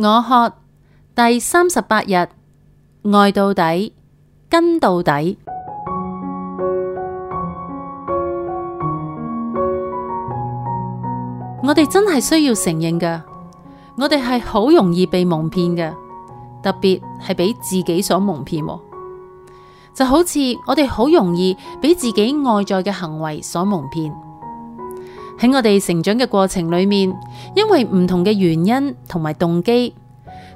我渴第三十八日，愛到底，跟到底。 我哋真係需要承認嘅，我哋係好容易被蒙騙嘅，特別係俾自己所蒙騙，就好似我哋好容易俾自己外在嘅行為所蒙騙。喺我哋成長嘅過程裏面，因為唔同嘅原因同埋動機，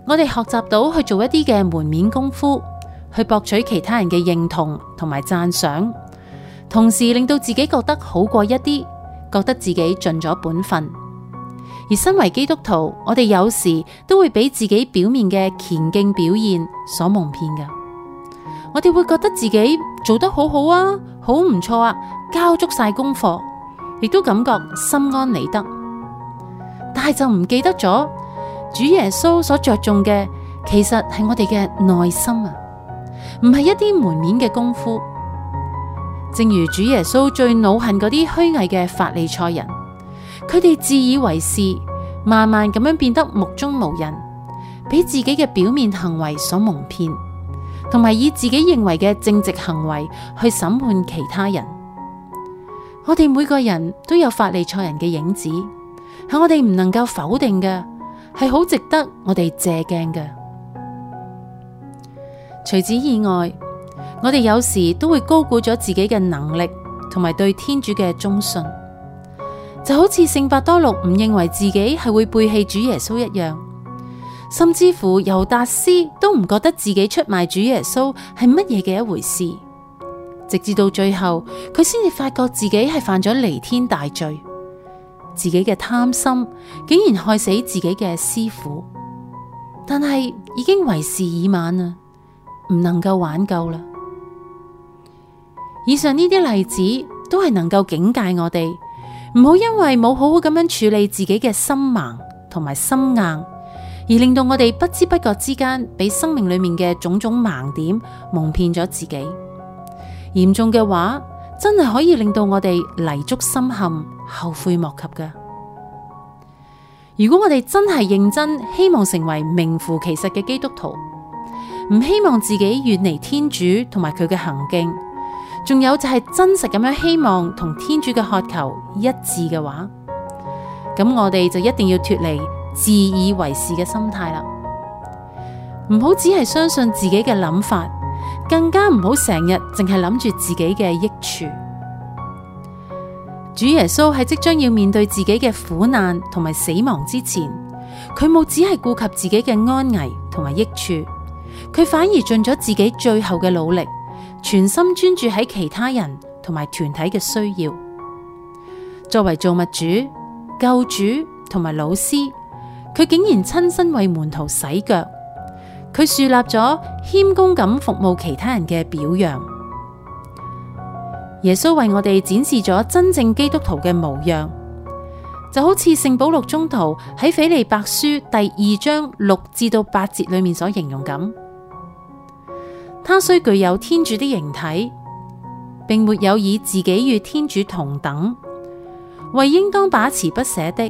我哋學習到去做一啲嘅門面功夫，去博取其他人嘅認同同埋讚賞，同時令到自己覺得好過一啲，覺得自己盡咗本分。而身為基督徒，我哋有時都會俾自己表面嘅虔敬表現所蒙騙㗎，我哋會覺得自己做得好好啊，好唔錯啊，交足晒功課。亦都感覺心安理得，但係就唔記得咗主耶穌所着重嘅，其實係我哋嘅內心啊，唔係一啲門面嘅功夫。正如主耶穌最惱恨嗰啲虛偽嘅法利賽人，佢哋自以為是，慢慢咁樣變得目中無人，俾自己嘅表面行為所蒙騙，同埋以自己認為嘅正直行為去審判其他人。我哋每個人都有法利賽人嘅影子，係我哋唔能夠否定嘅，係好值得我哋借鏡嘅。除此以外，我哋有時都會高估咗自己嘅能力，同埋對天主嘅忠信，就好似聖伯多祿唔認為自己係會背棄主耶穌一樣，甚至乎猶達斯都唔覺得自己出賣主耶穌係乜嘢嘅一回事。直至到最後，佢先至發覺自己係犯咗彌天大罪，自己嘅貪心竟然害死自己嘅師父，但係已經為時已晚啦，唔能夠挽救啦。以上呢啲例子都係能夠警戒我哋，唔好因為冇好好咁樣處理自己嘅心盲同埋心硬，而令到我哋不知不覺之間，俾生命裏面嘅種種盲點蒙騙咗自己。嚴重嘅話，真係可以令到我哋泥足深陷、後悔莫及㗎。如果我哋真係認真，希望成為名副其實嘅基督徒，唔希望自己遠離天主同埋佢嘅行徑，仲有就係真實咁樣希望同天主嘅渴求一致嘅話，咁我哋就一定要脫離自以為是嘅心態啦，唔好只係相信自己嘅諗法。更加唔好成日淨係諗住自己嘅益處。主耶穌喺即將要面對自己嘅苦難同埋死亡之前，佢冇只係顧及自己嘅安危同埋益處，佢反而盡咗自己最後嘅努力，全心專注喺其他人同埋團體嘅需要。作為造物主、救主同埋老師，佢竟然親身為門徒洗腳。佢樹立咗謙恭咁服務其他人嘅表樣。耶穌為我哋展示咗真正基督徒嘅模樣，就好似聖保祿宗徒喺斐理伯書第二章六至到八節裏面所形容咁。他雖具有天主的形體，並沒有以自己與天主同等，為應當把持不捨的，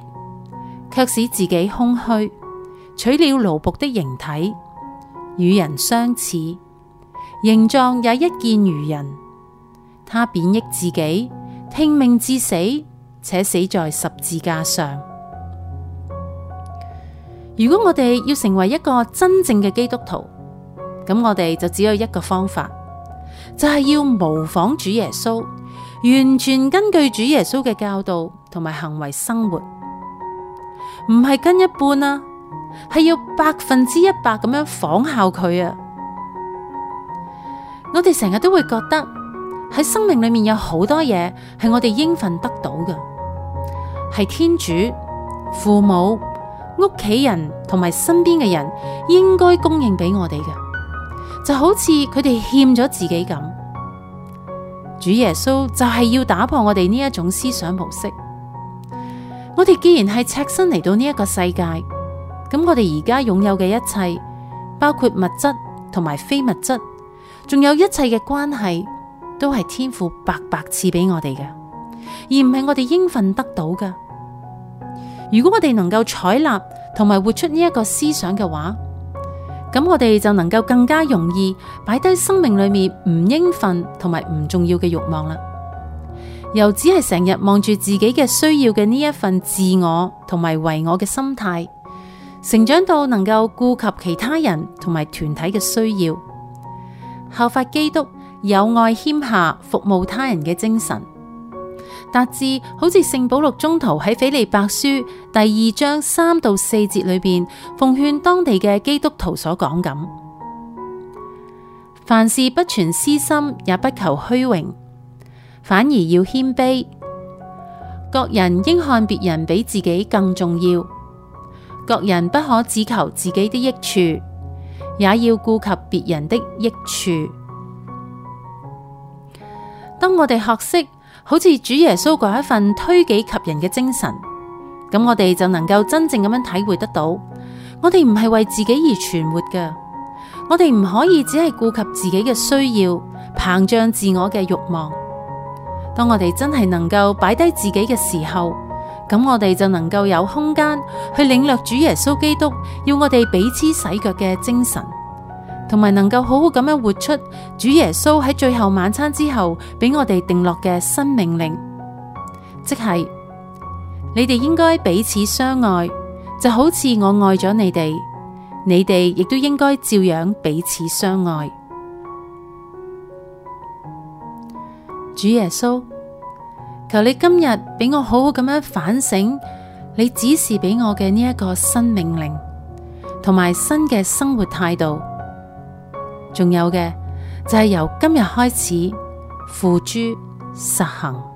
卻使自己空虛，取了奴僕的形體。與人相似，形狀也一見如人。他貶抑自己，聽命至死，且死在十字架上。如果我哋要成為一個真正嘅基督徒，咁我哋就只有一個方法，就係要模仿主耶穌，完全根據主耶穌嘅教導同埋行為生活，唔係跟一半啊！係要百分之一百咁樣仿效佢啊！我哋成日都會覺得喺生命裏面有好多嘢係我哋應份得到嘅，係天主、父母、屋企人同埋身邊嘅人應該供應俾我哋嘅，就好似佢哋欠咗自己咁。主耶穌就係要打破我哋呢一種思想模式。我哋既然係赤身嚟到呢一個世界。咁我哋而家擁有嘅一切，包括物質同埋非物質，仲有一切嘅關係，都係天父白白賜俾我哋嘅，而唔係我哋應份得到嘅。如果我哋能夠採納同埋活出呢一個思想嘅話，咁我哋就能夠更加容易擺低生命裏面唔應份同埋唔重要嘅慾望啦，又只係成日望住自己嘅需要嘅呢一份自我同埋唯我嘅心態，成長到能夠顧及其他人同埋團體嘅需要，效法基督友愛謙下服務他人嘅精神，達至好似聖保禄宗徒喺斐理伯書第二章三到四節裏邊奉勸當地嘅基督徒所講咁：凡事不存私心，也不求虛榮，反而要謙卑，各人應看別人比自己更重要。各人不可只求自己的益處，也要顧及別人的益處。當我哋學識好似主耶穌嗰一份推己及人嘅精神，咁我哋就能夠真正咁樣體會得到，我哋唔係為自己而存活嘅，我哋唔可以只係顧及自己嘅需要，膨脹自我嘅欲望。當我哋真係能夠擺低自己嘅時候。咁我哋就能夠有空間去領略主耶穌基督要我哋彼此洗腳嘅精神，同埋能夠好好咁樣活出主耶穌喺最後晚餐之後俾我哋定落嘅新命令，即係你哋應該彼此相愛，就好似我愛咗你哋，你哋亦都應該照樣彼此相愛。主耶穌。求你今日俾我好好咁樣反省，你指示俾我嘅呢一個新命令，同埋新嘅生活態度，仲有嘅，就係由今日開始付諸實行。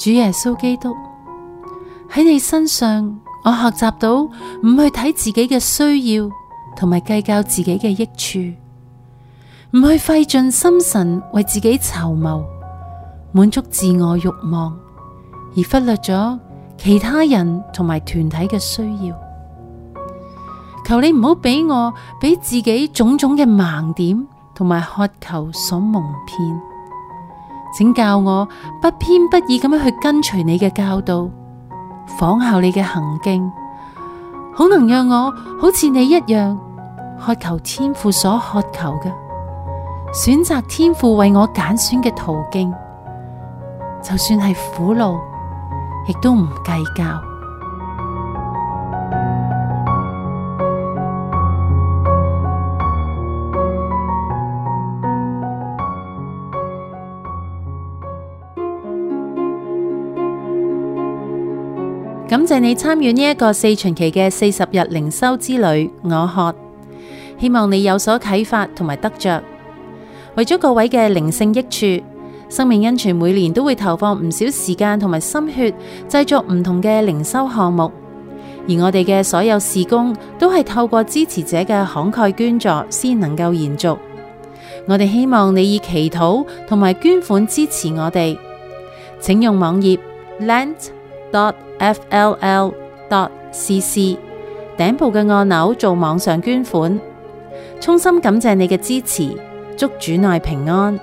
主耶穌基督，喺你身上，我學習到唔去睇自己嘅需要，同埋計較自己嘅益處，唔去費盡心神為自己籌謀，滿足自我欲望，而忽略咗其他人同埋團體嘅需要。求你唔好俾我俾自己種種嘅盲點同埋渴求所蒙騙。請教我不偏不倚咁樣去跟隨你嘅教導，仿效你嘅行徑，好能讓我好似你一樣渴求天父所渴求嘅，選擇天父為我揀選嘅途徑，就算係苦路，亦都唔計較。感謝你參與呢一個四旬期嘅四十日靈修之旅，我渴，希望你有所啟發同埋得着。為咗各位嘅靈性益處，生命恩泉每年都會投放唔少時間同埋心血，製作唔同嘅靈修項目。而我哋嘅所有事工都係透過支持者嘅慷慨捐助先能夠延續。我哋希望你以祈禱同埋捐款支持我哋，請用網頁 Lent dot f l l dot c c，頂部嘅按鈕做網上捐款。衷心感謝你嘅支持，祝主內平安。